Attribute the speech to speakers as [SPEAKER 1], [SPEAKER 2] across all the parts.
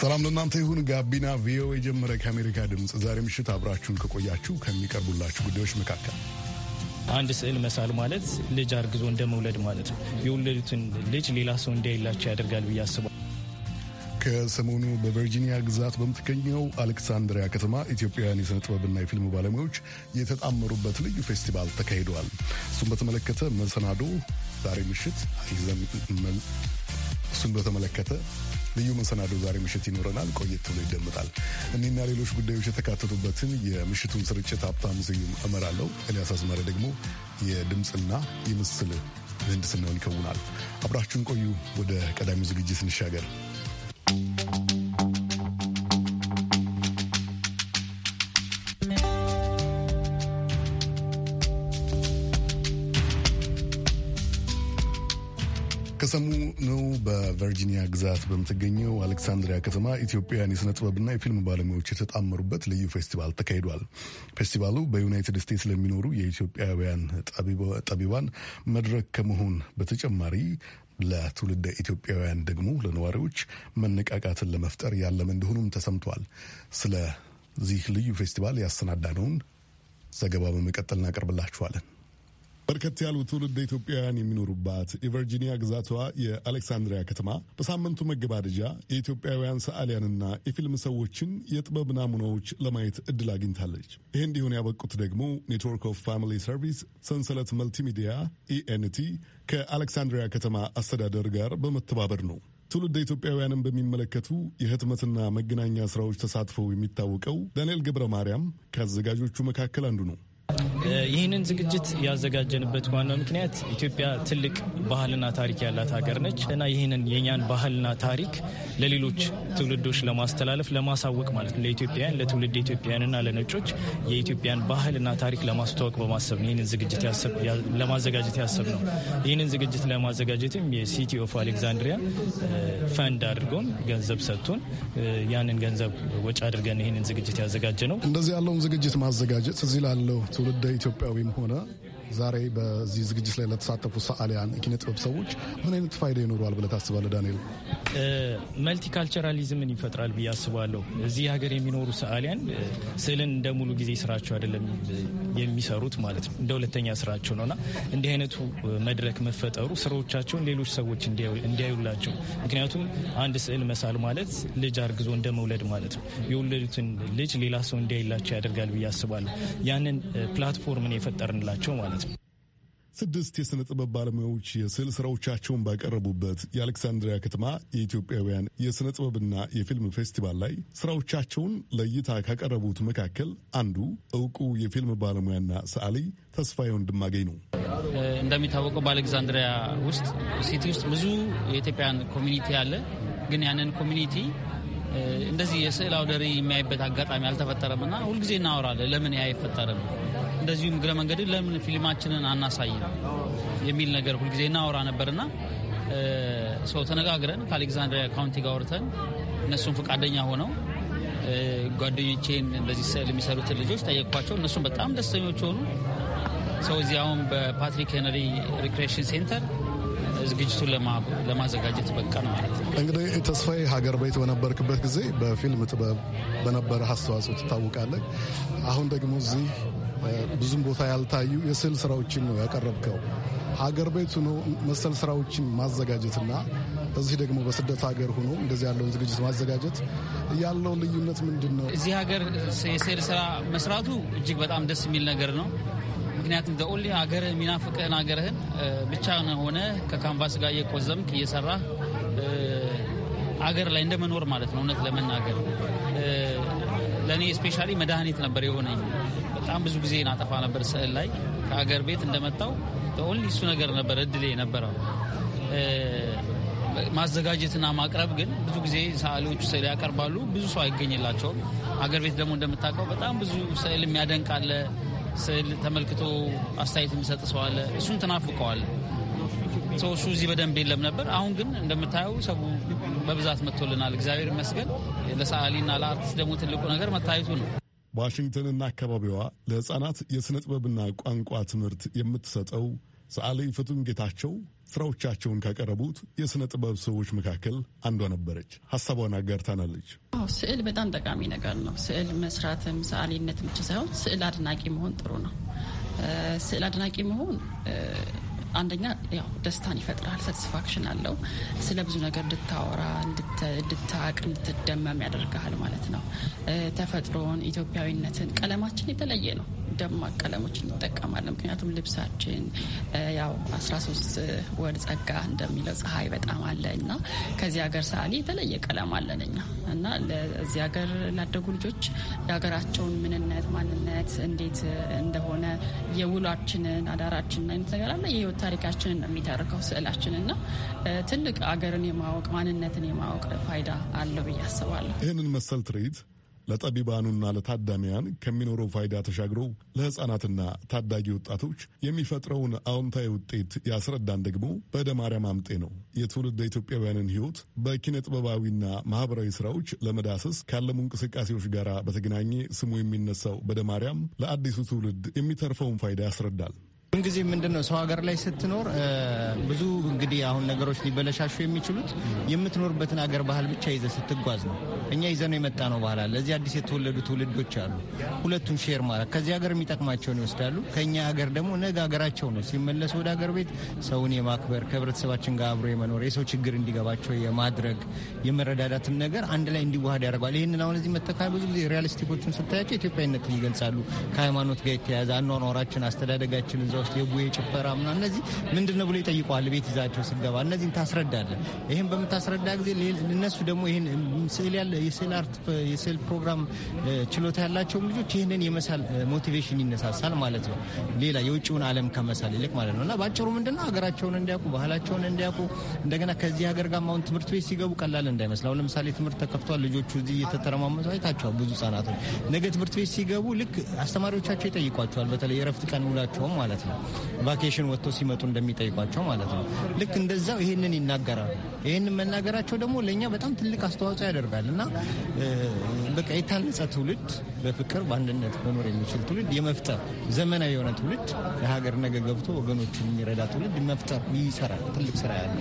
[SPEAKER 1] ሰላም ለእናንተ ይሁን። ጋቢና ቪኦኤ ጀመረ። ከአሜሪካ ድምፅ ዛሬ ምሽት አብራችሁን ከቆያችሁ ከሚቀርቡላችሁ ጉዳዮች መካከል
[SPEAKER 2] አንድ ስዕል መሳል ማለት ልጅ አርግዞ እንደ መውለድ ማለት ነው። የወለዱትን ልጅ ሌላ ሰው እንዲያይላቸው ያደርጋል ብዬ አስባለሁ።
[SPEAKER 1] ከሰሞኑ በቨርጂኒያ ግዛት በምትገኘው አሌክሳንድሪያ ከተማ ኢትዮጵያውያን የሥነ ጥበብና የፊልም ባለሙያዎች የተጣመሩበት ልዩ ፌስቲቫል ተካሂደዋል። እሱን በተመለከተ መሰናዶ ዛሬ ምሽት ይዘን እሱን በተመለከተ ልዩ መሰናዶ ዛሬ ምሽት ይኖረናል። ቆየት ብሎ ይደመጣል። እኒና ሌሎች ጉዳዮች የተካተቱበትን የምሽቱን ስርጭት ሀብታሙ ስዩም እመራለሁ። ኤልያስ አስማሪ ደግሞ የድምፅና የምስል ምህንድስናውን ይከውናል። አብራችሁን ቆዩ። ወደ ቀዳሚው ዝግጅት እንሻገር። ነው። በቨርጂኒያ ግዛት በምትገኘው አሌክሳንድሪያ ከተማ ኢትዮጵያውያን የሥነ ጥበብና የፊልም ባለሙያዎች የተጣመሩበት ልዩ ፌስቲቫል ተካሂዷል። ፌስቲቫሉ በዩናይትድ ስቴትስ ለሚኖሩ የኢትዮጵያውያን ጠቢባን መድረክ ከመሆን በተጨማሪ ለትውልደ ኢትዮጵያውያን ደግሞ ለነዋሪዎች መነቃቃትን ለመፍጠር ያለመ እንደሆኑም ተሰምቷል። ስለዚህ ልዩ ፌስቲቫል ያሰናዳነውን ዘገባ በመቀጠል እናቀርብላችኋለን። በርከት ያሉ ትውልድ ኢትዮጵያውያን የሚኖሩባት የቨርጂኒያ ግዛቷ የአሌክሳንድሪያ ከተማ በሳምንቱ መገባደጃ የኢትዮጵያውያን ሰዓሊያንና የፊልም ሰዎችን የጥበብ ናሙናዎች ለማየት እድል አግኝታለች። ይህ እንዲሆን ያበቁት ደግሞ ኔትወርክ ኦፍ ፋሚሊ ሰርቪስ፣ ሰንሰለት መልቲሚዲያ ኢኤንቲ e ከአሌክሳንድሪያ ከተማ አስተዳደር ጋር በመተባበር ነው። ትውልድ ኢትዮጵያውያንን በሚመለከቱ የህትመትና መገናኛ ስራዎች ተሳትፈው የሚታወቀው ዳንኤል ገብረ ማርያም ከአዘጋጆቹ መካከል አንዱ ነው።
[SPEAKER 2] ይህንን ዝግጅት ያዘጋጀንበት ዋናው ምክንያት ኢትዮጵያ ትልቅ ባህልና ታሪክ ያላት ሀገር ነች እና ይህንን የኛን ባህልና ታሪክ ለሌሎች ትውልዶች ለማስተላለፍ ለማሳወቅ ማለት ነው። ለኢትዮጵያውያን፣ ለትውልድ ኢትዮጵያውያንና ለነጮች የኢትዮጵያን ባህልና ታሪክ ለማስተዋወቅ በማሰብ ነው ይህንን ዝግጅት ለማዘጋጀት ያሰብ ነው። ይህንን ዝግጅት ለማዘጋጀትም የሲቲ ኦፍ አሌክዛንድሪያ ፈንድ አድርጎን ገንዘብ ሰጥቶን ያንን ገንዘብ ወጪ አድርገን ይህንን ዝግጅት ያዘጋጀ ነው።
[SPEAKER 1] እንደዚህ ያለውን ዝግጅት ማዘጋጀት እዚህ ላለው ትውልደ ኢትዮጵያዊም ሆነ ዛሬ በዚህ ዝግጅት ላይ ለተሳተፉ ሰዓሊያን፣ ኪነጥበብ ጥበብ ሰዎች ምን አይነት ፋይዳ ይኖረዋል ብለህ ታስባለህ? ዳንኤል፣
[SPEAKER 2] መልቲካልቸራሊዝምን ይፈጥራል ብዬ አስባለሁ። እዚህ ሀገር የሚኖሩ ሰዓሊያን ስዕልን እንደ ሙሉ ጊዜ ስራቸው አይደለም የሚሰሩት ማለት ነው፣ እንደ ሁለተኛ ስራቸው ነውና እንዲህ አይነቱ መድረክ መፈጠሩ ስራዎቻቸውን ሌሎች ሰዎች እንዲያዩላቸው። ምክንያቱም አንድ ስዕል መሳል ማለት ልጅ አርግዞ እንደ መውለድ ማለት ነው። የወለዱትን ልጅ ሌላ ሰው እንዲያይላቸው ያደርጋል ብዬ አስባለሁ። ያንን ፕላትፎርምን የፈጠርንላቸው ማለት ነው። ማለት ነው።
[SPEAKER 1] ስድስት የሥነ ጥበብ ባለሙያዎች የስዕል ሥራዎቻቸውን ባቀረቡበት የአሌክሳንድሪያ ከተማ የኢትዮጵያውያን የሥነ ጥበብና የፊልም ፌስቲቫል ላይ ሥራዎቻቸውን ለእይታ ካቀረቡት መካከል አንዱ እውቁ የፊልም ባለሙያና ሰዓሊ ተስፋዬ ወንድማገኝ ነው።
[SPEAKER 3] እንደሚታወቀው በአሌክዛንድሪያ ውስጥ ሲቲ ውስጥ ብዙ የኢትዮጵያን ኮሚኒቲ አለ። ግን ያንን ኮሚኒቲ እንደዚህ የስዕል አውደሪ የሚያይበት አጋጣሚ አልተፈጠረም እና ሁልጊዜ እናወራለን ለምን ያ አይፈጠርም እንደዚሁም እግረ መንገድ ለምን ፊልማችንን አናሳይም የሚል ነገር ሁልጊዜ እናወራ ነበርና ሰው ተነጋግረን ከአሌክዛንድሪያ ካውንቲ ጋር ወርተን እነሱም ፈቃደኛ ሆነው ጓደኞቼን እንደዚህ ስዕል የሚሰሩትን ልጆች ጠየቅኳቸው። እነሱም በጣም ደስተኞች ሆኑ። ሰው እዚህ አሁን በፓትሪክ ሄነሪ ሪክሬሽን ሴንተር ዝግጅቱን ለማዘጋጀት በቃን ማለት
[SPEAKER 1] ነው። እንግዲህ ተስፋዬ፣ ሀገር ቤት በነበርክበት ጊዜ በፊልም ጥበብ በነበረ አስተዋጽኦ ትታወቃለህ። አሁን ደግሞ እዚህ ብዙም ቦታ ያልታዩ የስዕል ስራዎችን ነው ያቀረብከው። ሀገር ቤት ሆኖ መሰል ስራዎችን ማዘጋጀትና እዚህ ደግሞ በስደት ሀገር ሆኖ እንደዚህ ያለውን ዝግጅት ማዘጋጀት ያለው ልዩነት ምንድን ነው? እዚህ
[SPEAKER 3] ሀገር የስዕል ስራ መስራቱ እጅግ በጣም ደስ የሚል ነገር ነው። ምክንያቱም ደኦሊ ሀገር የሚናፍቅህን ሀገርህን ብቻ ሆነ ከካንቫስ ጋር እየቆዘምክ እየሰራ አገር ላይ እንደመኖር ማለት ነው። እውነት ለመናገር ለእኔ ስፔሻሊ መድኃኒት ነበር የሆነኝ። በጣም ብዙ ጊዜ ናጠፋ ነበር ስዕል ላይ ከሀገር ቤት እንደመጣው ኦንሊ እሱ ነገር ነበር እድሌ ነበረው። ማዘጋጀትና ማቅረብ ግን ብዙ ጊዜ ሰዓሊዎቹ ስዕል ያቀርባሉ፣ ብዙ ሰው አይገኝላቸውም። አገር ቤት ደግሞ እንደምታውቀው በጣም ብዙ ስዕል የሚያደንቅ አለ፣ ስዕል ተመልክቶ አስተያየት የሚሰጥ ሰው አለ። እሱን ተናፍቀዋል። ሰው እሱ እዚህ በደንብ የለም ነበር። አሁን ግን እንደምታየው ሰው በብዛት መጥቶልናል። እግዚአብሔር ይመስገን። ለሰዓሊና ለአርቲስት ደግሞ ትልቁ ነገር መታየቱ ነው።
[SPEAKER 1] ዋሽንግተንና አካባቢዋ ለሕፃናት የሥነ ጥበብና ቋንቋ ትምህርት የምትሰጠው ሰዓሊ ፍቱን ጌታቸው ስራዎቻቸውን ካቀረቡት የሥነ ጥበብ ሰዎች መካከል አንዷ ነበረች። ሀሳቧን አጋርታናለች።
[SPEAKER 4] ስዕል በጣም ጠቃሚ ነገር ነው። ስዕል መስራትም ሰዓሊነት ብቻ ሳይሆን ስዕል አድናቂ መሆን ጥሩ ነው። ስዕል አድናቂ መሆን አንደኛ ያው ደስታን ይፈጥራል፣ ሳቲስፋክሽን አለው። ስለ ብዙ ነገር እንድታወራ፣ እንድታቅ፣ እንድትደመም ያደርግሃል ማለት ነው። ተፈጥሮን፣ ኢትዮጵያዊነትን፣ ቀለማችን የተለየ ነው። ደማቅ ቀለሞችን እንጠቀማለን። ምክንያቱም ልብሳችን ያው 13 ወር ጸጋ እንደሚለው ፀሐይ በጣም አለ እና ከዚህ ሀገር ሰዓሊ የተለየ ቀለም አለን እኛ እና ለዚህ ሀገር ላደጉ ልጆች የሀገራቸውን ምንነት፣ ማንነት እንዴት እንደሆነ የውሏችንን አዳራችንን አይነት ነገር አለ ታሪካችንን የሚተርከው ስዕላችን እና ትልቅ አገርን የማወቅ ማንነትን የማወቅ ፋይዳ አለው ብዬ አስባለሁ።
[SPEAKER 1] ይህንን መሰል ትርኢት ለጠቢባኑና ለታዳሚያን ከሚኖረው ፋይዳ ተሻግሮ ለሕፃናትና ታዳጊ ወጣቶች የሚፈጥረውን አዎንታዊ ውጤት ያስረዳን ደግሞ በደ ማርያም አምጤ ነው። የትውልድ ኢትዮጵያውያንን ሕይወት በኪነ ጥበባዊና ማህበራዊ ስራዎች ለመዳሰስ ካለሙ እንቅስቃሴዎች ጋር በተገናኘ ስሙ የሚነሳው በደ ማርያም ለአዲሱ ትውልድ የሚተርፈውን ፋይዳ ያስረዳል።
[SPEAKER 5] ሁልጊዜ ምንድን ነው ሰው ሀገር ላይ ስትኖር ብዙ እንግዲህ አሁን ነገሮች ሊበለሻሹ የሚችሉት የምትኖርበትን ሀገር ባህል ብቻ ይዘ ስትጓዝ ነው። እኛ ይዘነው የመጣ ነው ባህል አለ። እዚህ አዲስ የተወለዱ ትውልዶች አሉ። ሁለቱን ሼር ማለት ከዚህ ሀገር የሚጠቅማቸውን ይወስዳሉ። ከእኛ ሀገር ደግሞ ነገ ሀገራቸው ነው ሲመለሱ ወደ ሀገር ቤት ሰውን የማክበር ከህብረተሰባችን ጋር አብሮ የመኖር የሰው ችግር እንዲገባቸው የማድረግ የመረዳዳትን ነገር አንድ ላይ እንዲዋሃድ ያደርገዋል። ይህንን አሁን እዚህ መተካ ብዙ ጊዜ ሪያሊስቲኮቹን ስታያቸው ኢትዮጵያዊነትን ይገልጻሉ። ከሃይማኖት ጋር የተያያዘ አኗኗራችን፣ አስተዳደጋችን እዛው ነገሮች የቡሄ ጭፈራ ምና እነዚህ ምንድን ነው ብሎ ይጠይቀዋል። ቤት ይዛቸው ስገባ እነዚህን ታስረዳለ ይህን በምታስረዳ ጊዜ እነሱ ደግሞ ይህን የስዕል አርት የስዕል ፕሮግራም ችሎታ ያላቸውም ልጆች ይህንን የመሳል ሞቲቬሽን ይነሳሳል ማለት ነው። ሌላ የውጭውን ዓለም ከመሳል ይልቅ ማለት ነው እና በአጭሩ ምንድነው ሀገራቸውን እንዲያውቁ ባህላቸውን እንዲያውቁ እንደገና ከዚህ ሀገር ጋር አሁን ትምህርት ቤት ሲገቡ ቀላል እንዳይመስል አሁን ለምሳሌ ትምህርት ተከፍቷል። ልጆቹ እዚህ እየተተረማመሱ አይታቸዋል። ብዙ ህጻናቶች ነገ ትምህርት ቤት ሲገቡ ልክ አስተማሪዎቻቸው ይጠይቋቸዋል። በተለይ የረፍት ቀን ውላቸውም ማለት ነው ቫኬሽን ወጥተው ሲመጡ እንደሚጠይቋቸው ማለት ነው። ልክ እንደዛው ይህንን ይናገራሉ። ይህንን መናገራቸው ደግሞ ለእኛ በጣም ትልቅ አስተዋጽኦ ያደርጋል እና በቃ የታነጸ ትውልድ በፍቅር በአንድነት መኖር የሚችል ትውልድ የመፍጠር
[SPEAKER 1] ዘመናዊ የሆነ ትውልድ የሀገር ነገ ገብቶ ወገኖቹን የሚረዳ ትውልድ መፍጠር ይሰራል። ትልቅ ስራ ያለ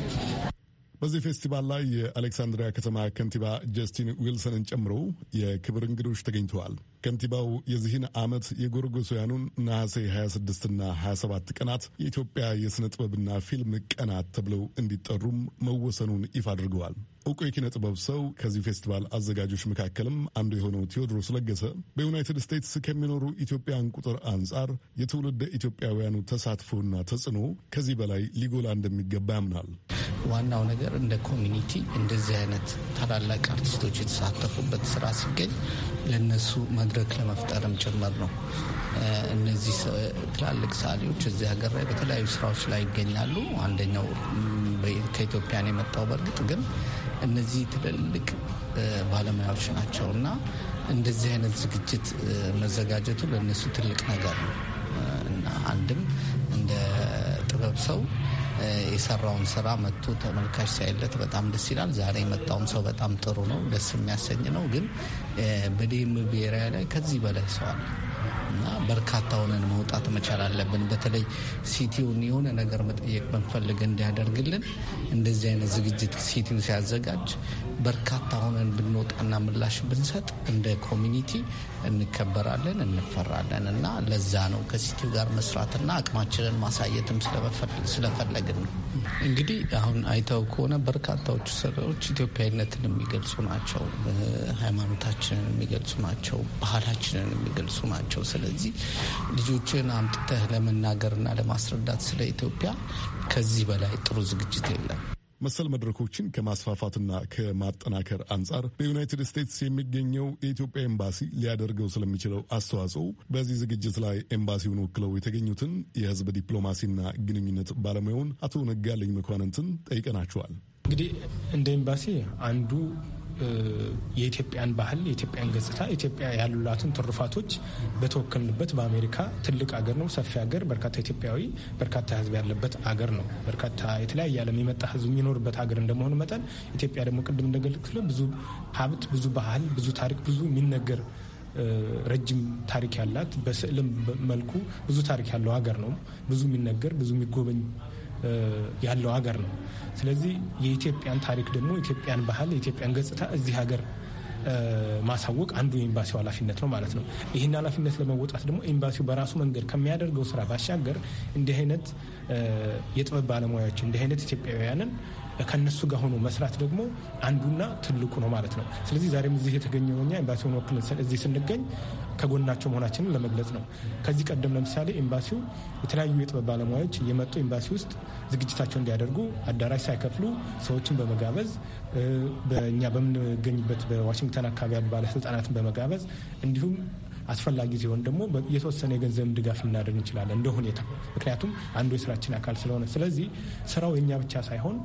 [SPEAKER 1] በዚህ ፌስቲቫል ላይ የአሌክሳንድሪያ ከተማ ከንቲባ ጀስቲን ዊልሰንን ጨምሮ የክብር እንግዶች ተገኝተዋል። ከንቲባው የዚህን ዓመት የጎርጎሳውያኑን ነሐሴ 26ና 27 ቀናት የኢትዮጵያ የሥነ ጥበብና ፊልም ቀናት ተብለው እንዲጠሩም መወሰኑን ይፋ አድርገዋል። እውቁ የኪነ ጥበብ ሰው ከዚህ ፌስቲቫል አዘጋጆች መካከልም አንዱ የሆነው ቴዎድሮስ ለገሰ በዩናይትድ ስቴትስ ከሚኖሩ ኢትዮጵያን ቁጥር አንጻር የትውልደ ኢትዮጵያውያኑ ተሳትፎና ተጽዕኖ ከዚህ በላይ ሊጎላ እንደሚገባ ያምናል። ዋናው ነገር እንደ ኮሚኒቲ እንደዚህ አይነት ታላላቅ አርቲስቶች
[SPEAKER 6] የተሳተፉበት ስራ ሲገኝ ለነሱ መድረክ ለመፍጠርም ጭምር ነው። እነዚህ ትላልቅ ሰዓሊዎች እዚህ ሀገር ላይ በተለያዩ ስራዎች ላይ ይገኛሉ። አንደኛው ከኢትዮጵያን የመጣው በእርግጥ ግን እነዚህ ትልልቅ ባለሙያዎች ናቸው እና እንደዚህ አይነት ዝግጅት መዘጋጀቱ ለእነሱ ትልቅ ነገር ነው እና አንድም እንደ ጥበብ ሰው የሰራውን ስራ መጥቶ ተመልካች ሳይለት በጣም ደስ ይላል። ዛሬ የመጣውም ሰው በጣም ጥሩ ነው፣ ደስ የሚያሰኝ ነው። ግን በዲም ብሔራዊ ላይ ከዚህ በላይ ሰው አለ እና በርካታ ሆነን መውጣት መቻል አለብን። በተለይ ሲቲውን የሆነ ነገር መጠየቅ ብንፈልግ እንዲያደርግልን እንደዚህ አይነት ዝግጅት ሲቲው ሲያዘጋጅ በርካታ ሆነን ብንወጣና ምላሽ ብንሰጥ እንደ ኮሚኒቲ እንከበራለን፣ እንፈራለን እና ለዛ ነው ከሲቲው ጋር መስራትና አቅማችንን ማሳየትም ስለፈለግን ነው። እንግዲህ አሁን አይተው ከሆነ በርካታዎቹ ስራዎች ኢትዮጵያዊነትን የሚገልጹ ናቸው፣ ሃይማኖታችንን የሚገልጹ ናቸው፣ ባህላችንን የሚገልጹ ናቸው። ስለዚህ
[SPEAKER 1] ልጆችን አምጥተህ ለመናገርና ለማስረዳት ስለ ኢትዮጵያ ከዚህ በላይ ጥሩ ዝግጅት የለም። መሰል መድረኮችን ከማስፋፋትና ከማጠናከር አንጻር በዩናይትድ ስቴትስ የሚገኘው የኢትዮጵያ ኤምባሲ ሊያደርገው ስለሚችለው አስተዋጽኦ በዚህ ዝግጅት ላይ ኤምባሲውን ወክለው የተገኙትን የሕዝብ ዲፕሎማሲና ግንኙነት ባለሙያውን አቶ ነጋለኝ መኳንንትን ጠይቀናቸዋል።
[SPEAKER 7] እንግዲህ እንደ ኤምባሲ አንዱ የኢትዮጵያን ባህል፣ የኢትዮጵያን ገጽታ፣ ኢትዮጵያ ያሉላትን ትሩፋቶች በተወከልንበት በአሜሪካ ትልቅ አገር ነው፣ ሰፊ አገር፣ በርካታ ኢትዮጵያዊ በርካታ ህዝብ ያለበት አገር ነው። በርካታ የተለያየ ዓለም የመጣ ህዝብ የሚኖርበት አገር እንደመሆኑ መጠን ኢትዮጵያ ደግሞ ቅድም እንደገለጽኩት ብዙ ሀብት፣ ብዙ ባህል፣ ብዙ ታሪክ፣ ብዙ የሚነገር ረጅም ታሪክ ያላት በስዕልም መልኩ ብዙ ታሪክ ያለው ሀገር ነው። ብዙ የሚነገር ብዙ የሚጎበኝ ያለው ሀገር ነው። ስለዚህ የኢትዮጵያን ታሪክ ደግሞ የኢትዮጵያን ባህል፣ የኢትዮጵያን ገጽታ እዚህ ሀገር ማሳወቅ አንዱ የኤምባሲው ኃላፊነት ነው ማለት ነው። ይህን ኃላፊነት ለመወጣት ደግሞ ኤምባሲው በራሱ መንገድ ከሚያደርገው ስራ ባሻገር እንዲህ አይነት የጥበብ ባለሙያዎች እንዲህ አይነት ኢትዮጵያውያንን ከነሱ ጋር ሆኖ መስራት ደግሞ አንዱና ትልቁ ነው ማለት ነው። ስለዚህ ዛሬም እዚህ የተገኘው እኛ ኤምባሲውን ወክለን እዚህ ስንገኝ ከጎናቸው መሆናችንን ለመግለጽ ነው። ከዚህ ቀደም ለምሳሌ ኤምባሲው የተለያዩ የጥበብ ባለሙያዎች የመጡ ኤምባሲ ውስጥ ዝግጅታቸው እንዲያደርጉ አዳራሽ ሳይከፍሉ ሰዎችን በመጋበዝ በእኛ በምንገኝበት በዋሽንግተን አካባቢ ያሉ ባለስልጣናትን በመጋበዝ እንዲሁም አስፈላጊ ሲሆን ደግሞ የተወሰነ የገንዘብ ድጋፍ ልናደርግ እንችላለን እንደ ሁኔታ፣ ምክንያቱም አንዱ የስራችን አካል ስለሆነ። ስለዚህ ስራው የእኛ ብቻ ሳይሆን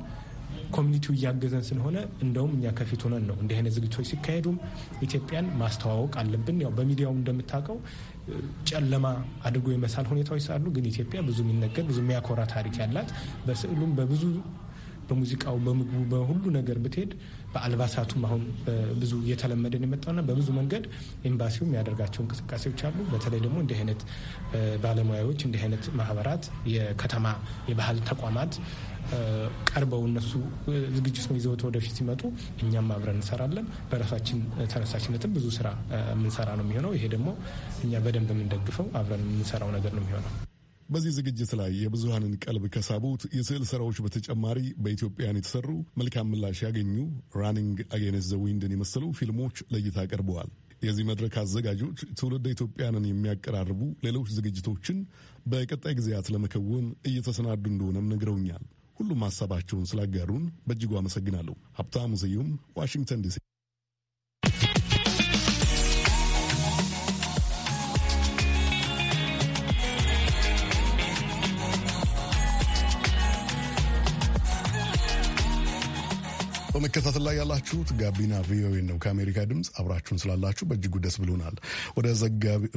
[SPEAKER 7] ኮሚኒቲው እያገዘን ስለሆነ እንደውም እኛ ከፊት ሆነን ነው እንዲህ አይነት ዝግጅቶች ሲካሄዱም ኢትዮጵያን ማስተዋወቅ አለብን። ያው በሚዲያው እንደምታውቀው ጨለማ አድርጎ የመሳል ሁኔታዎች ሳሉ ግን ኢትዮጵያ ብዙ የሚነገር ብዙ የሚያኮራ ታሪክ ያላት በስዕሉም በብዙ በሙዚቃው በምግቡ በሁሉ ነገር ብትሄድ በአልባሳቱም አሁን ብዙ እየተለመደን የመጣውና በብዙ መንገድ ኤምባሲው የሚያደርጋቸው እንቅስቃሴዎች አሉ። በተለይ ደግሞ እንዲህ አይነት ባለሙያዎች እንዲህ አይነት ማህበራት፣ የከተማ የባህል ተቋማት ቀርበው እነሱ ዝግጅቱን ይዘውት ወደፊት ሲመጡ እኛም አብረን እንሰራለን። በራሳችን ተነሳሽነትም ብዙ ስራ የምንሰራ ነው የሚሆነው። ይሄ ደግሞ እኛ በደንብ የምንደግፈው አብረን የምንሰራው
[SPEAKER 1] ነገር ነው የሚሆነው። በዚህ ዝግጅት ላይ የብዙሃንን ቀልብ ከሳቡት የስዕል ስራዎች በተጨማሪ በኢትዮጵያን የተሰሩ መልካም ምላሽ ያገኙ ራኒንግ አጌንስት ዘ ዊንድን የመሰሉ ፊልሞች ለእይታ ቀርበዋል። የዚህ መድረክ አዘጋጆች ትውልደ ኢትዮጵያንን የሚያቀራርቡ ሌሎች ዝግጅቶችን በቀጣይ ጊዜያት ለመከወን እየተሰናዱ እንደሆነም ነግረውኛል። ሁሉም ሀሳባቸውን ስላጋሩን በእጅጉ አመሰግናለሁ። ሀብታሙ ስዩም ዋሽንግተን ዲሲ በመከታተል ላይ ያላችሁት ጋቢና ቪኦኤ ነው። ከአሜሪካ ድምፅ አብራችሁን ስላላችሁ በእጅጉ ደስ ብሎናል።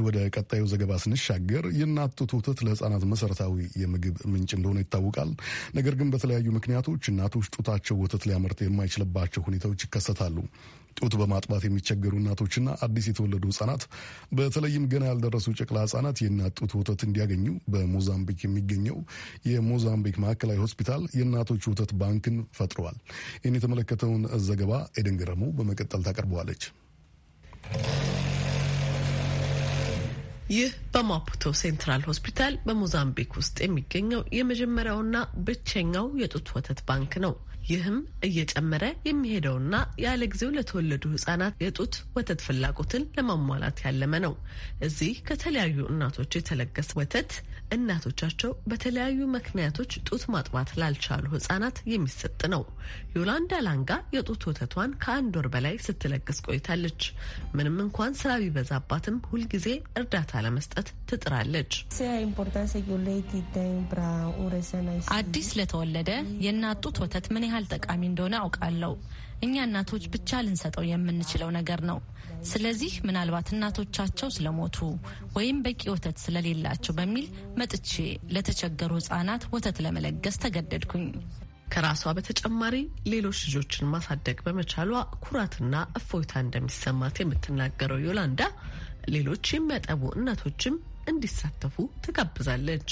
[SPEAKER 1] ወደ ቀጣዩ ዘገባ ስንሻገር የእናት ጡት ወተት ለህፃናት መሰረታዊ የምግብ ምንጭ እንደሆነ ይታወቃል። ነገር ግን በተለያዩ ምክንያቶች እናቶች ጡታቸው ወተት ሊያመርት የማይችልባቸው ሁኔታዎች ይከሰታሉ። ጡት በማጥባት የሚቸገሩ እናቶችና አዲስ የተወለዱ ህጻናት በተለይም ገና ያልደረሱ ጨቅላ ህጻናት የእናት ጡት ወተት እንዲያገኙ በሞዛምቢክ የሚገኘው የሞዛምቢክ ማዕከላዊ ሆስፒታል የእናቶች ወተት ባንክን ፈጥረዋል። ይህን የተመለከተውን ዘገባ ኤደን ገረሙ በመቀጠል ታቀርበዋለች።
[SPEAKER 8] ይህ በማፑቶ ሴንትራል ሆስፒታል በሞዛምቢክ ውስጥ የሚገኘው የመጀመሪያውና ብቸኛው የጡት ወተት ባንክ ነው። ይህም እየጨመረ የሚሄደውና ያለ ጊዜው ለተወለዱ ህጻናት የጡት ወተት ፍላጎትን ለማሟላት ያለመ ነው። እዚህ ከተለያዩ እናቶች የተለገሰ ወተት እናቶቻቸው በተለያዩ ምክንያቶች ጡት ማጥባት ላልቻሉ ህጻናት የሚሰጥ ነው። ዮላንዳ ላንጋ የጡት ወተቷን ከአንድ ወር በላይ ስትለግስ ቆይታለች። ምንም እንኳን ስራ ቢበዛባትም ሁልጊዜ እርዳታ ለመስጠት ትጥራለች።
[SPEAKER 9] አዲስ ለተወለደ የእናት ጡት ወተት ምን ያህል ጠቃሚ እንደሆነ አውቃለሁ። እኛ እናቶች ብቻ ልንሰጠው የምንችለው ነገር ነው። ስለዚህ ምናልባት እናቶቻቸው ስለሞቱ ወይም በቂ ወተት ስለሌላቸው በሚል መጥቼ ለተቸገሩ ህጻናት ወተት ለመለገስ ተገደድኩኝ።
[SPEAKER 8] ከራሷ በተጨማሪ ሌሎች ልጆችን ማሳደግ በመቻሏ ኩራትና እፎይታ እንደሚሰማት የምትናገረው ዮላንዳ ሌሎች የሚያጠቡ እናቶችም እንዲሳተፉ ትጋብዛለች።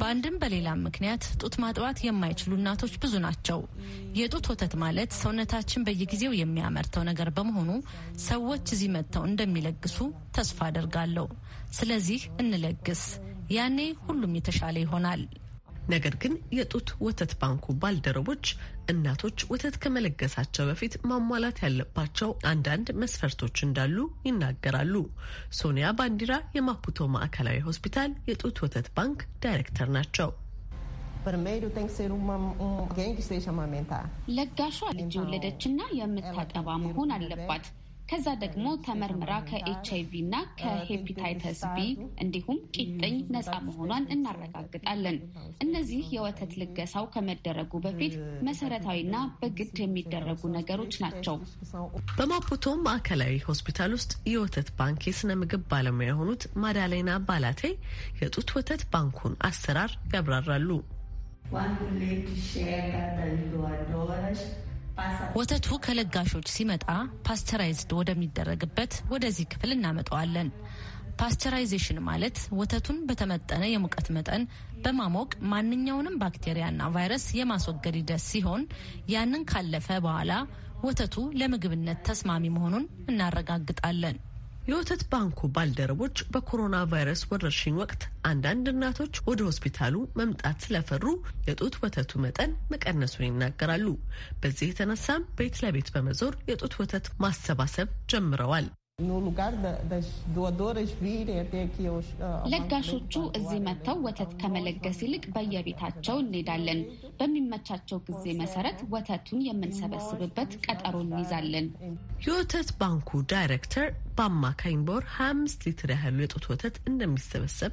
[SPEAKER 9] በአንድም በሌላም ምክንያት ጡት ማጥባት የማይችሉ እናቶች ብዙ ናቸው። የጡት ወተት ማለት ሰውነታችን በየጊዜው የሚያመርተው ነገር በመሆኑ ሰዎች እዚህ መጥተው እንደሚለግሱ ተስፋ አደርጋለሁ። ስለዚህ እንለግስ። ያኔ ሁሉም የተሻለ ይሆናል። ነገር ግን የጡት ወተት ባንኩ ባልደረቦች እናቶች
[SPEAKER 8] ወተት ከመለገሳቸው በፊት ማሟላት ያለባቸው አንዳንድ መስፈርቶች እንዳሉ ይናገራሉ። ሶኒያ ባንዲራ የማፑቶ ማዕከላዊ ሆስፒታል የጡት ወተት ባንክ ዳይሬክተር ናቸው።
[SPEAKER 4] um- ለጋሿ ልጅ የወለደችና የምታጠባ መሆን አለባት። ከዛ ደግሞ ተመርምራ ከኤች አይቪ እና ከሄፒታይተስ ቢ እንዲሁም ቂጥኝ ነፃ መሆኗን እናረጋግጣለን። እነዚህ የወተት ልገሳው ከመደረጉ በፊት መሰረታዊና በግድ የሚደረጉ ነገሮች ናቸው።
[SPEAKER 8] በማፑቶ ማዕከላዊ ሆስፒታል ውስጥ የወተት ባንክ የስነ ምግብ ባለሙያ የሆኑት ማዳሌና ባላቴ የጡት ወተት ባንኩን
[SPEAKER 9] አሰራር ያብራራሉ። ወተቱ ከለጋሾች ሲመጣ ፓስቸራይዝድ ወደሚደረግበት ወደዚህ ክፍል እናመጣዋለን። ፓስቸራይዜሽን ማለት ወተቱን በተመጠነ የሙቀት መጠን በማሞቅ ማንኛውንም ባክቴሪያና ቫይረስ የማስወገድ ሂደት ሲሆን ያንን ካለፈ በኋላ ወተቱ ለምግብነት ተስማሚ መሆኑን እናረጋግጣለን።
[SPEAKER 8] የወተት ባንኩ ባልደረቦች በኮሮና ቫይረስ ወረርሽኝ ወቅት አንዳንድ እናቶች ወደ ሆስፒታሉ መምጣት ስለፈሩ የጡት ወተቱ መጠን መቀነሱን ይናገራሉ። በዚህ የተነሳም ቤት ለቤት በመዞር የጡት ወተት ማሰባሰብ ጀምረዋል። Ah,
[SPEAKER 5] ለጋሾቹ እዚህ
[SPEAKER 4] መጥተው ወተት ከመለገስ ይልቅ በየቤታቸው እንሄዳለን። በሚመቻቸው ጊዜ መሰረት ወተቱን የምንሰበስብበት ቀጠሮ እንይዛለን።
[SPEAKER 8] የወተት ባንኩ ዳይሬክተር በአማካኝ በወር 25 ሊትር ያህል የጡት ወተት እንደሚሰበሰብ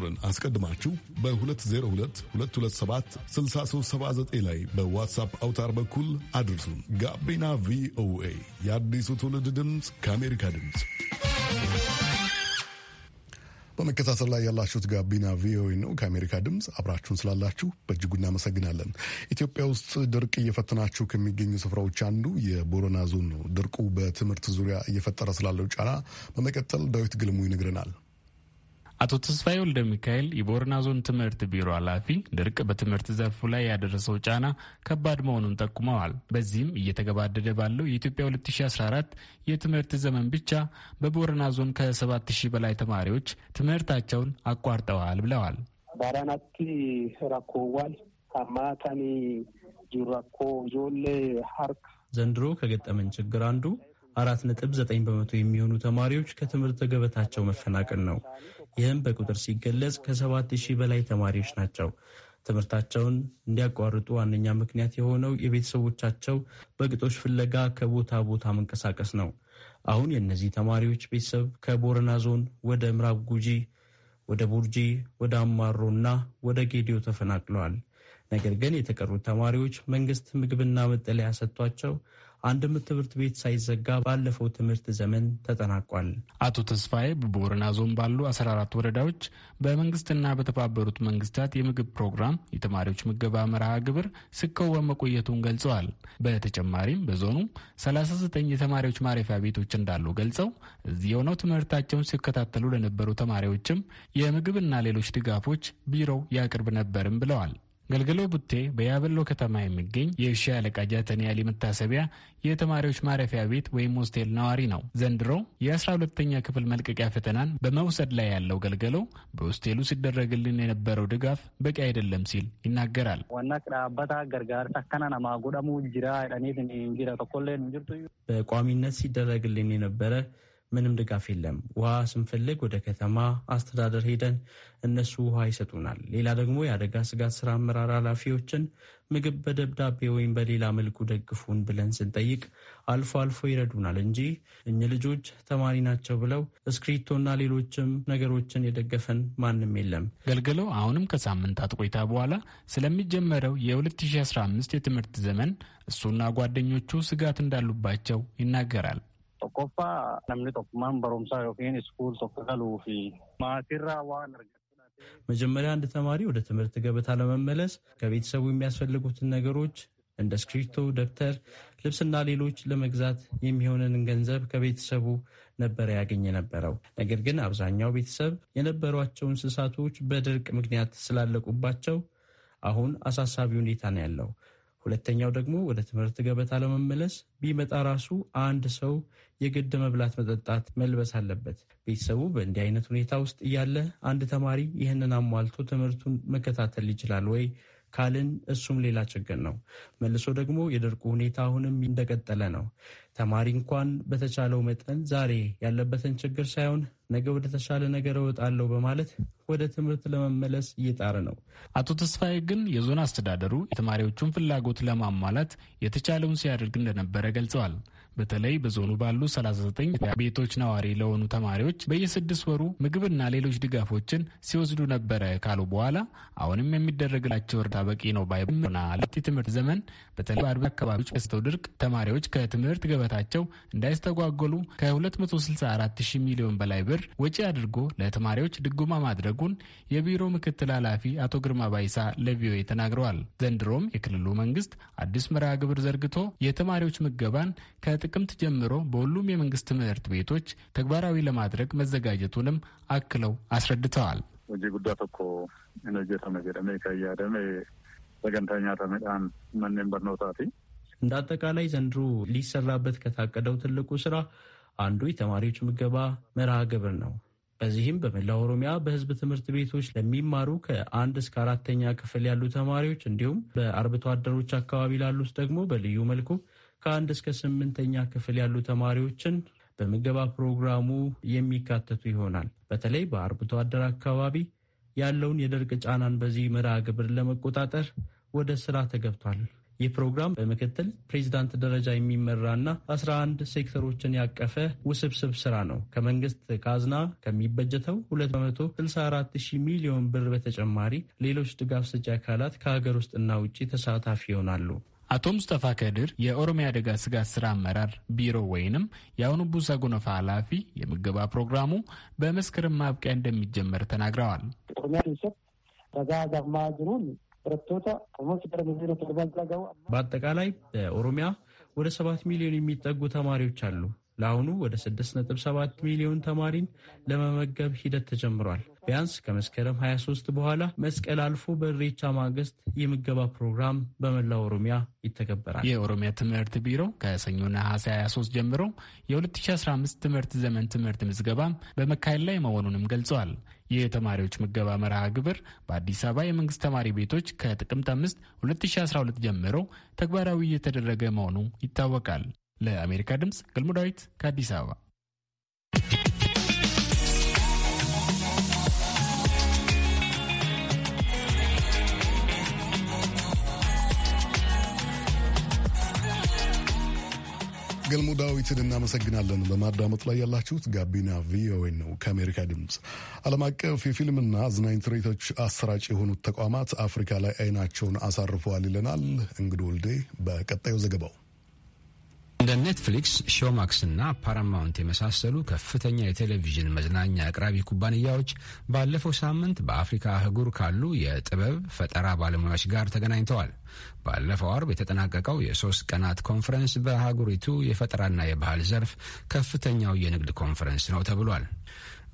[SPEAKER 1] ቁጥርን አስቀድማችሁ በ 6379 ላይ በዋትሳፕ አውታር በኩል አድርሱን። ጋቢና ቪኦኤ የአዲሱ ትውልድ ድምፅ ከአሜሪካ ድምፅ በመከታተል ላይ ያላችሁት ጋቢና ቪኦኤ ነው። ከአሜሪካ ድምፅ አብራችሁን ስላላችሁ በእጅጉ እናመሰግናለን። ኢትዮጵያ ውስጥ ድርቅ እየፈተናችሁ ከሚገኙ ስፍራዎች አንዱ የቦረና ዞን ነው። ድርቁ በትምህርት ዙሪያ እየፈጠረ ስላለው ጫና በመቀጠል ዳዊት ግልሙ ይነግረናል።
[SPEAKER 10] አቶ ተስፋዬ ወልደ ሚካኤል የቦረና ዞን ትምህርት ቢሮ ኃላፊ፣ ድርቅ በትምህርት ዘርፉ ላይ ያደረሰው ጫና ከባድ መሆኑን ጠቁመዋል። በዚህም እየተገባደደ ባለው የኢትዮጵያ 2014 የትምህርት ዘመን ብቻ በቦረና ዞን ከ 7000 በላይ ተማሪዎች ትምህርታቸውን አቋርጠዋል ብለዋል። ባራናቲ
[SPEAKER 7] ራኮዋል ከማታኒ ጁራኮ ጆሌ ሀርክ
[SPEAKER 11] ዘንድሮ ከገጠመን ችግር አንዱ አራት ነጥብ ዘጠኝ በመቶ የሚሆኑ ተማሪዎች ከትምህርት ገበታቸው መፈናቀል ነው። ይህም በቁጥር ሲገለጽ ከሰባት ሺህ በላይ ተማሪዎች ናቸው። ትምህርታቸውን እንዲያቋርጡ ዋነኛ ምክንያት የሆነው የቤተሰቦቻቸው በግጦሽ ፍለጋ ከቦታ ቦታ መንቀሳቀስ ነው። አሁን የእነዚህ ተማሪዎች ቤተሰብ ከቦረና ዞን ወደ ምዕራብ ጉጂ፣ ወደ ቡርጂ፣ ወደ አማሮ እና ወደ ጌዲዮ ተፈናቅለዋል። ነገር ግን የተቀሩት ተማሪዎች መንግስት ምግብና መጠለያ
[SPEAKER 10] ሰጥቷቸው አንድም ትምህርት ቤት ሳይዘጋ ባለፈው ትምህርት ዘመን ተጠናቋል። አቶ ተስፋዬ በቦረና ዞን ባሉ 14 ወረዳዎች በመንግስትና በተባበሩት መንግስታት የምግብ ፕሮግራም የተማሪዎች ምገባ መርሃ ግብር ሲከወን መቆየቱን ገልጸዋል። በተጨማሪም በዞኑ 39 የተማሪዎች ማረፊያ ቤቶች እንዳሉ ገልጸው እዚህ የሆነው ትምህርታቸውን ሲከታተሉ ለነበሩ ተማሪዎችም የምግብና ሌሎች ድጋፎች ቢሮው ያቅርብ ነበርም ብለዋል። ገልገሎ ቡቴ በያበሎ ከተማ የሚገኝ የሺ አለቃ ተንያሊ መታሰቢያ የተማሪዎች ማረፊያ ቤት ወይም ሆስቴል ነዋሪ ነው። ዘንድሮ የ12ተኛ ክፍል መልቀቂያ ፈተናን በመውሰድ ላይ ያለው ገልገሎ በሆስቴሉ ሲደረግልን የነበረው ድጋፍ በቂ አይደለም ሲል ይናገራል።
[SPEAKER 11] በቋሚነት ሲደረግልን የነበረ ምንም ድጋፍ የለም። ውሃ ስንፈልግ ወደ ከተማ አስተዳደር ሄደን እነሱ ውሃ ይሰጡናል። ሌላ ደግሞ የአደጋ ስጋት ስራ አመራር ኃላፊዎችን ምግብ በደብዳቤ ወይም በሌላ መልኩ ደግፉን ብለን ስንጠይቅ አልፎ አልፎ ይረዱናል እንጂ እኚህ ልጆች ተማሪ ናቸው ብለው
[SPEAKER 10] እስክሪቶና ሌሎችም ነገሮችን የደገፈን ማንም የለም። ገልገለው አሁንም ከሳምንታት ቆይታ በኋላ ስለሚጀመረው የ2015 የትምህርት ዘመን እሱና ጓደኞቹ ስጋት እንዳሉባቸው ይናገራል።
[SPEAKER 5] tokkoffaa namni tokkummaan barumsaa yookiin iskuul tokko galuu fi maatirraa waan arga
[SPEAKER 10] መጀመሪያ አንድ ተማሪ ወደ
[SPEAKER 11] ትምህርት ገበታ ለመመለስ ከቤተሰቡ የሚያስፈልጉትን ነገሮች እንደ እስክሪብቶ፣ ደብተር፣ ልብስና ሌሎች ለመግዛት የሚሆንን ገንዘብ ከቤተሰቡ ነበረ ያገኝ የነበረው። ነገር ግን አብዛኛው ቤተሰብ የነበሯቸው እንስሳቶች በድርቅ ምክንያት ስላለቁባቸው አሁን አሳሳቢ ሁኔታ ነው ያለው። ሁለተኛው ደግሞ ወደ ትምህርት ገበታ ለመመለስ ቢመጣ ራሱ አንድ ሰው የግድ መብላት፣ መጠጣት፣ መልበስ አለበት። ቤተሰቡ በእንዲህ አይነት ሁኔታ ውስጥ እያለ አንድ ተማሪ ይህንን አሟልቶ ትምህርቱን መከታተል ይችላል ወይ? ካልን እሱም ሌላ ችግር ነው። መልሶ ደግሞ የድርቁ ሁኔታ አሁንም እንደቀጠለ ነው። ተማሪ እንኳን በተቻለው መጠን ዛሬ ያለበትን ችግር
[SPEAKER 10] ሳይሆን ነገ ወደ ተሻለ ነገር እወጣለሁ በማለት ወደ ትምህርት ለመመለስ እየጣረ ነው። አቶ ተስፋዬ ግን የዞን አስተዳደሩ የተማሪዎቹን ፍላጎት ለማሟላት የተቻለውን ሲያደርግ እንደነበረ ገልጸዋል። በተለይ በዞኑ ባሉ 39 ቤቶች ነዋሪ ለሆኑ ተማሪዎች በየስድስት ወሩ ምግብና ሌሎች ድጋፎችን ሲወስዱ ነበረ ካሉ በኋላ አሁንም የሚደረግላቸው እርዳ በቂ ነው ባይሆና የትምህርት ዘመን በተለይ በአርቢ አካባቢዎች ከስተው ድርቅ ተማሪዎች ከትምህርት ገበታቸው እንዳይስተጓገሉ ከ264 ሚሊዮን በላይ ብር ወጪ አድርጎ ለተማሪዎች ድጎማ ማድረጉን የቢሮ ምክትል ኃላፊ አቶ ግርማ ባይሳ ለቪኦኤ ተናግረዋል። ዘንድሮም የክልሉ መንግስት አዲስ መርሃ ግብር ዘርግቶ የተማሪዎች ምገባን ከ ከጥቅምት ጀምሮ በሁሉም የመንግስት ትምህርት ቤቶች ተግባራዊ ለማድረግ መዘጋጀቱንም አክለው አስረድተዋል።
[SPEAKER 1] እጅ guddaa tokko hin hojjetame
[SPEAKER 11] jedhamee kan yaadame sagantaa እንደ አጠቃላይ ዘንድሮ ሊሰራበት ከታቀደው ትልቁ ስራ አንዱ የተማሪዎች ምገባ መርሃ ግብር ነው። በዚህም በመላ ኦሮሚያ በህዝብ ትምህርት ቤቶች ለሚማሩ ከአንድ እስከ አራተኛ ክፍል ያሉ ተማሪዎች እንዲሁም በአርብቶ አደሮች አካባቢ ላሉት ደግሞ በልዩ መልኩ ከአንድ እስከ ስምንተኛ ክፍል ያሉ ተማሪዎችን በምገባ ፕሮግራሙ የሚካተቱ ይሆናል። በተለይ በአርብቶ አደር አካባቢ ያለውን የደርቅ ጫናን በዚህ መርሃ ግብር ለመቆጣጠር ወደ ስራ ተገብቷል። ይህ ፕሮግራም በምክትል ፕሬዚዳንት ደረጃ የሚመራና 11 ሴክተሮችን ያቀፈ ውስብስብ ስራ ነው። ከመንግስት ካዝና ከሚበጀተው 264 ሚሊዮን ብር በተጨማሪ ሌሎች
[SPEAKER 10] ድጋፍ ሰጪ አካላት ከሀገር ውስጥና ውጭ ተሳታፊ ይሆናሉ። አቶ ሙስጠፋ ከድር የኦሮሚያ አደጋ ስጋት ስራ አመራር ቢሮ ወይንም የአሁኑ ቡሳ ጎነፋ ኃላፊ የምገባ ፕሮግራሙ በመስከረም ማብቂያ እንደሚጀመር ተናግረዋል። በአጠቃላይ በኦሮሚያ
[SPEAKER 11] ወደ ሰባት ሚሊዮን የሚጠጉ ተማሪዎች አሉ። ለአሁኑ ወደ 6.7 ሚሊዮን ተማሪን ለመመገብ ሂደት ተጀምሯል። ቢያንስ ከመስከረም 23 በኋላ መስቀል አልፎ
[SPEAKER 10] በሬቻ ማግስት የምገባ ፕሮግራም በመላ ኦሮሚያ ይተገበራል። የኦሮሚያ ትምህርት ቢሮ ከሰኞ ነሐሴ 23 ጀምሮ የ2015 ትምህርት ዘመን ትምህርት ምዝገባም በመካሄድ ላይ መሆኑንም ገልጸዋል። የተማሪዎች ምገባ መርሃ ግብር በአዲስ አበባ የመንግስት ተማሪ ቤቶች ከጥቅምት 5 2012 ጀምሮ ተግባራዊ እየተደረገ መሆኑ ይታወቃል። ለአሜሪካ ድምፅ ገልሞ ዳዊት ከአዲስ አበባ።
[SPEAKER 1] ገልሞ ዳዊትን እናመሰግናለን። በማዳመጥ ላይ ያላችሁት ጋቢና ቪኦኤ ነው ከአሜሪካ ድምፅ። ዓለም አቀፍ የፊልምና አዝናኝ ትርኢቶች አሰራጭ የሆኑት ተቋማት አፍሪካ ላይ አይናቸውን አሳርፈዋል ይለናል እንግዶ ወልዴ በቀጣዩ ዘገባው።
[SPEAKER 12] እንደ ኔትፍሊክስ፣ ሾማክስ እና ፓራማውንት የመሳሰሉ ከፍተኛ የቴሌቪዥን መዝናኛ አቅራቢ ኩባንያዎች ባለፈው ሳምንት በአፍሪካ አህጉር ካሉ የጥበብ ፈጠራ ባለሙያዎች ጋር ተገናኝተዋል። ባለፈው አርብ የተጠናቀቀው የሶስት ቀናት ኮንፈረንስ በሀገሪቱ የፈጠራና የባህል ዘርፍ ከፍተኛው የንግድ ኮንፈረንስ ነው ተብሏል።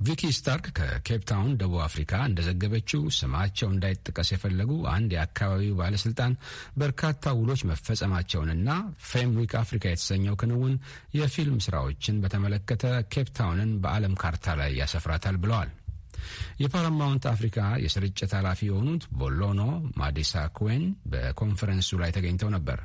[SPEAKER 12] ቪኪ ስታርክ ከኬፕታውን ደቡብ አፍሪካ እንደዘገበችው ስማቸው እንዳይጠቀስ የፈለጉ አንድ የአካባቢው ባለስልጣን በርካታ ውሎች መፈጸማቸውንና ፌም ዊክ አፍሪካ የተሰኘው ክንውን የፊልም ስራዎችን በተመለከተ ኬፕታውንን በዓለም ካርታ ላይ ያሰፍራታል ብለዋል። የፓራማውንት አፍሪካ የስርጭት ኃላፊ የሆኑት ቦሎኖ ማዲሳ ኩዌን በኮንፈረንሱ ላይ ተገኝተው ነበር።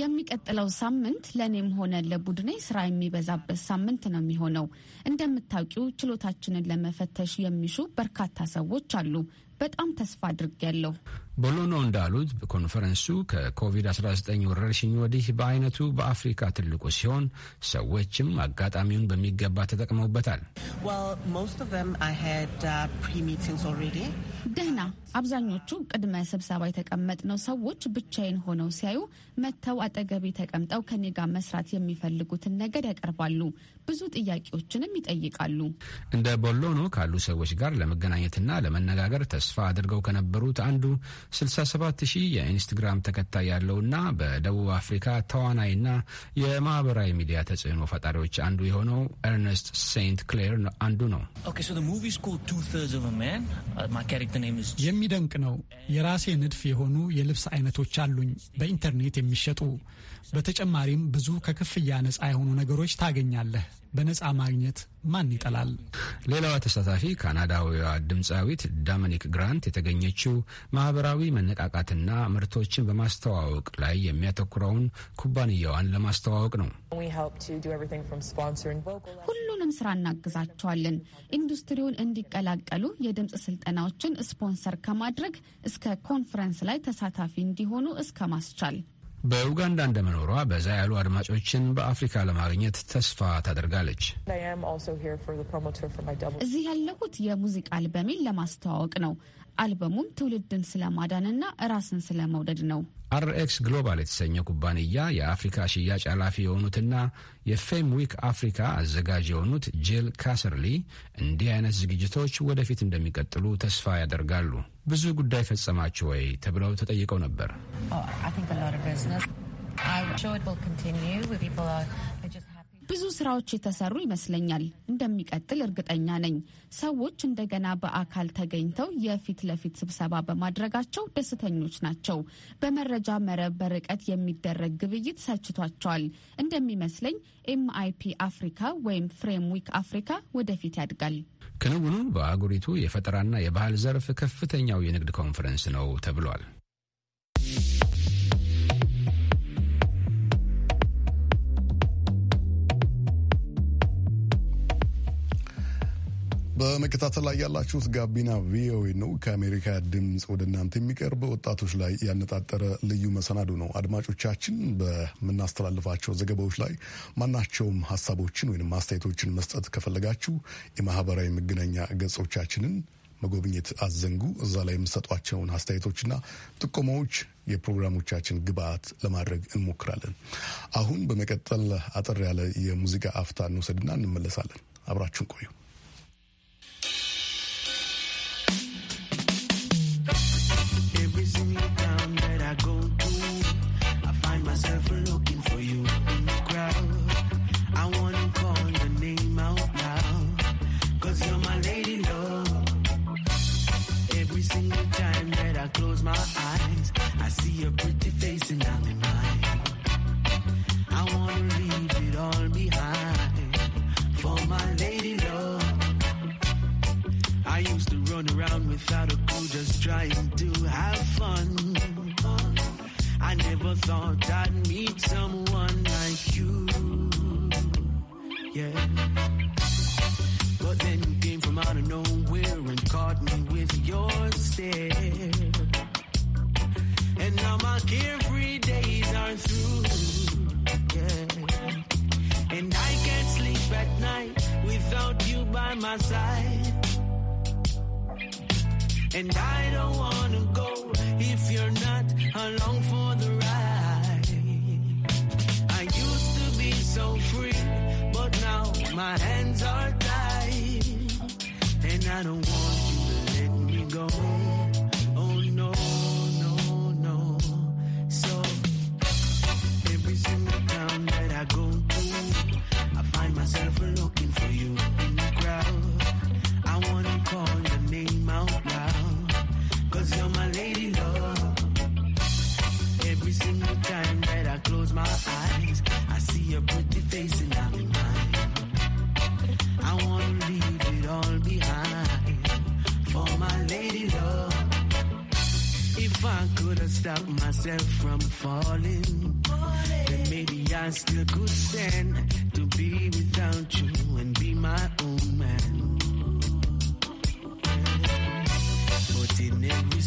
[SPEAKER 4] የሚቀጥለው ሳምንት ለእኔም ሆነ ለቡድኔ ስራ የሚበዛበት ሳምንት ነው የሚሆነው። እንደምታውቂው ችሎታችንን ለመፈተሽ የሚሹ በርካታ ሰዎች አሉ። በጣም ተስፋ አድርጌያለሁ።
[SPEAKER 10] ቦሎኖ
[SPEAKER 12] እንዳሉት ኮንፈረንሱ ከኮቪድ-19 ወረርሽኝ ወዲህ በአይነቱ በአፍሪካ ትልቁ ሲሆን ሰዎችም አጋጣሚውን በሚገባ ተጠቅመውበታል።
[SPEAKER 13] uh,
[SPEAKER 4] ደህና አብዛኞቹ ቅድመ ስብሰባ የተቀመጥነው ሰዎች ብቻዬን ሆነው ሲያዩ መጥተው አጠገቤ ተቀምጠው ከኔ ጋር መስራት የሚፈልጉትን ነገር ያቀርባሉ። ብዙ ጥያቄዎችንም ይጠይቃሉ።
[SPEAKER 10] እንደ ቦሎኖ
[SPEAKER 12] ካሉ ሰዎች ጋር ለመገናኘትና ለመነጋገር ተስፋ አድርገው ከነበሩት አንዱ 67 ሺህ የኢንስትግራም ተከታይ ያለውና በደቡብ አፍሪካ ተዋናይና የማህበራዊ ሚዲያ ተጽዕኖ ፈጣሪዎች አንዱ የሆነው ኤርነስት ሴንት ክሌር አንዱ ነው።
[SPEAKER 3] uh, የሚደንቅ ነው። የራሴ ንድፍ
[SPEAKER 10] የሆኑ የልብስ አይነቶች አሉኝ በኢንተርኔት የሚሸጡ በተጨማሪም ብዙ ከክፍያ ነፃ የሆኑ ነገሮች ታገኛለህ። በነፃ ማግኘት ማን ይጠላል? ሌላዋ
[SPEAKER 12] ተሳታፊ ካናዳዊዋ ድምፃዊት ዶሚኒክ ግራንት የተገኘችው ማህበራዊ መነቃቃትና ምርቶችን በማስተዋወቅ ላይ የሚያተኩረውን ኩባንያዋን ለማስተዋወቅ ነው።
[SPEAKER 4] ሁሉንም ስራ እናግዛቸዋለን። ኢንዱስትሪውን እንዲቀላቀሉ የድምፅ ስልጠናዎችን ስፖንሰር ከማድረግ እስከ ኮንፈረንስ ላይ ተሳታፊ እንዲሆኑ እስከ ማስቻል
[SPEAKER 12] በኡጋንዳ እንደመኖሯ በዛ ያሉ አድማጮችን በአፍሪካ ለማግኘት ተስፋ ታደርጋለች።
[SPEAKER 4] እዚህ ያለሁት የሙዚቃ አልበሜን ለማስተዋወቅ ነው። አልበሙም ትውልድን ስለማዳንና ራስን ስለመውደድ ነው።
[SPEAKER 12] አርኤክስ ግሎባል የተሰኘው ኩባንያ የአፍሪካ ሽያጭ ኃላፊ የሆኑትና የፌም ዊክ አፍሪካ አዘጋጅ የሆኑት ጄል ካሰርሊ እንዲህ አይነት ዝግጅቶች ወደፊት እንደሚቀጥሉ ተስፋ ያደርጋሉ። ብዙ ጉዳይ ፈጸማችሁ ወይ ተብለው ተጠይቀው ነበር።
[SPEAKER 9] oh,
[SPEAKER 4] ብዙ ስራዎች የተሰሩ ይመስለኛል። እንደሚቀጥል እርግጠኛ ነኝ። ሰዎች እንደገና በአካል ተገኝተው የፊት ለፊት ስብሰባ በማድረጋቸው ደስተኞች ናቸው። በመረጃ መረብ በርቀት የሚደረግ ግብይት ሰችቷቸዋል። እንደሚመስለኝ ኤምአይፒ አፍሪካ ወይም ዊክ አፍሪካ ወደፊት ያድጋል።
[SPEAKER 12] ክንውኑ በአህጉሪቱ የፈጠራና የባህል ዘርፍ ከፍተኛው የንግድ ኮንፈረንስ ነው ተብሏል።
[SPEAKER 1] በመከታተል ላይ ያላችሁት ጋቢና ቪኦኤ ነው። ከአሜሪካ ድምፅ ወደ እናንተ የሚቀርብ ወጣቶች ላይ ያነጣጠረ ልዩ መሰናዱ ነው። አድማጮቻችን በምናስተላልፋቸው ዘገባዎች ላይ ማናቸውም ሀሳቦችን ወይም አስተያየቶችን መስጠት ከፈለጋችሁ የማህበራዊ መገናኛ ገጾቻችንን መጎብኘት አዘንጉ። እዛ ላይ የምሰጧቸውን አስተያየቶችና ጥቆማዎች የፕሮግራሞቻችን ግብአት ለማድረግ እንሞክራለን። አሁን በመቀጠል አጠር ያለ የሙዚቃ አፍታ እንውሰድና እንመለሳለን። አብራችሁን ቆዩ።
[SPEAKER 13] And I don't wanna go if you're not along for the ride. I used to be so free, but now my hands are tied. And I don't want you to let me go. Oh no, no, no. So every single time that I go through, I find myself looking for you in the crowd. I wanna call your name out loud. Cause you're my lady love. Every single time that I close my eyes, I see your pretty face I wanna leave it all behind for my lady love. If I could have stopped myself from falling, then maybe I still could stand to be without you and be my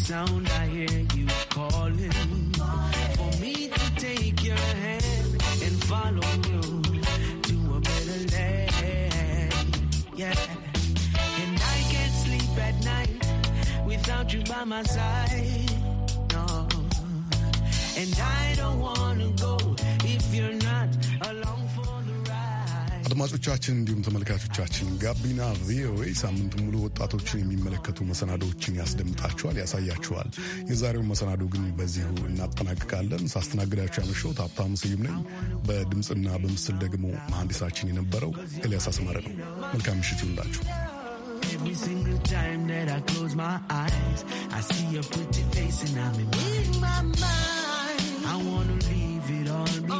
[SPEAKER 13] sound I hear you calling for me to take your hand and follow you to a better land. Yeah, and I can't sleep at night without you by my side. No, and I don't want
[SPEAKER 1] አድማጮቻችን እንዲሁም ተመልካቾቻችን ጋቢና ቪኦኤ ሳምንት ሙሉ ወጣቶችን የሚመለከቱ መሰናዶዎችን ያስደምጣችኋል፣ ያሳያችኋል። የዛሬውን መሰናዶ ግን በዚሁ እናጠናቅቃለን። ሳስተናግዳችሁ ያመሸሁት ሀብታሙ ስዩም ነኝ። በድምፅና በምስል ደግሞ መሐንዲሳችን የነበረው ኤልያስ አስማረ ነው። መልካም ምሽት ይሁንላችሁ።